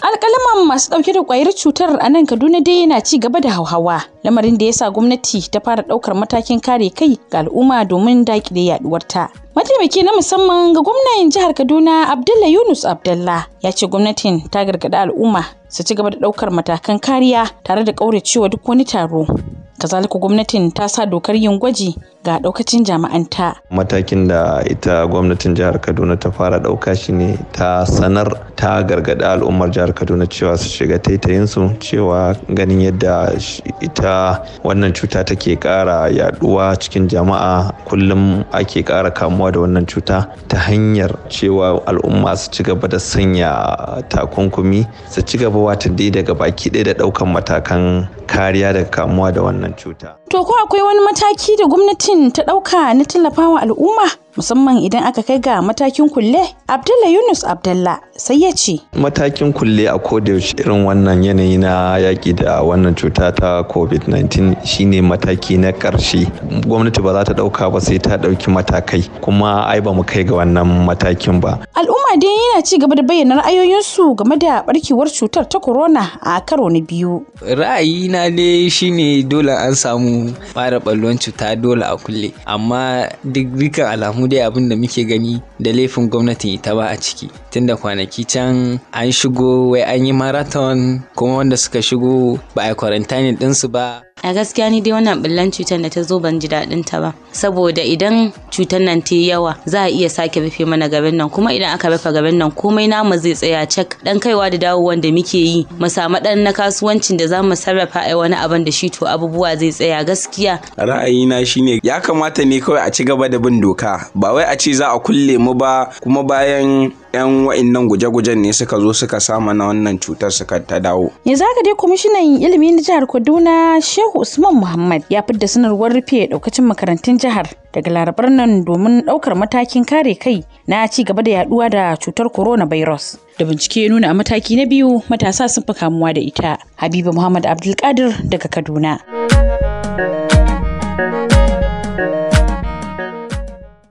alƙalaman masu ɗauke da ƙwayar cutar a nan kaduna dai yana ci gaba da hauhawa lamarin da ya sa gwamnati ta fara ɗaukar matakin kare kai ga al'umma domin daƙile ta mataimaki na musamman ga gwamnan jihar kaduna abdullah yunus abdullah ya ce gwamnatin ta gargaɗi al'umma su ci gaba da ɗaukar matakan kariya tare da ƙauracewa duk wani taro kazalika gwamnatin ta sa dokar yin gwaji ga daukacin jama'anta. Matakin da ita gwamnatin jihar Kaduna ta fara dauka shi ne ta sanar ta gargada al'ummar jihar Kaduna cewa su shiga taitayinsu cewa ganin yadda ita wannan cuta take kara yaduwa cikin jama'a kullum ake kara kamuwa da wannan cuta ta hanyar cewa al'umma su ci gaba da sanya takunkumi su ci gaba wata daga baki ɗaya da ɗaukan matakan kariya daga kamuwa da wannan cuta. To ko akwai wani mataki da gwamnati. ta ɗauka na tallafawa al'umma? musamman idan aka kai ga matakin kulle abdullah yunus abdullah sai ya ce matakin kulle a kodayaushe irin wannan yanayi na yaƙi da wannan cuta ta covid-19 shine mataki na ƙarshe gwamnati ba za ta ɗauka ba sai ta ɗauki matakai kuma ai ba mu kai ga wannan matakin ba al'umma dai yana ci gaba da bayyana ra'ayoyinsu game da ɓarkewar cutar ta corona a karo na biyu ra'ayina ne shine dole an samu fara ɓallon cuta dole a kulle amma duk dukkan alamu mu dai abin da muke gani da laifin gwamnatin ita ba a ciki tunda kwanaki can an shigo wai an yi marathon kuma wanda suka shigo ba a kwarantani ɗinsu ba a gaskiya ni dai wannan ɓullan cutar da ta zo ban ji daɗin ta ba saboda idan cutar nan ta yi yawa za a iya sake rufe mana garin nan kuma idan aka rufe garin nan komai namu zai tsaya cak dan kaiwa da dawo wanda muke yi mu samu dan na kasuwancin da za mu sarrafa ai wani abin da shi to abubuwa zai tsaya gaskiya ra'ayina shine ya kamata ne kawai a ci gaba da bin doka ba wai a ce za a kulle mu ba kuma bayan 'yan wa'innan guje-gujen ne suka zo suka sama na wannan cutar suka ta dawo. Yanzu haka dai kwamishinan ilimi na jihar Kaduna Shehu Shehu Usman Muhammad ya fidda sanarwar rufe daukacin makarantun jihar daga larabar nan domin daukar matakin kare kai na ci gaba da yaduwa da cutar coronavirus. Da bincike ya nuna a mataki na biyu matasa sun fi kamuwa da ita. Habiba Muhammad Abdulkadir daga Kaduna.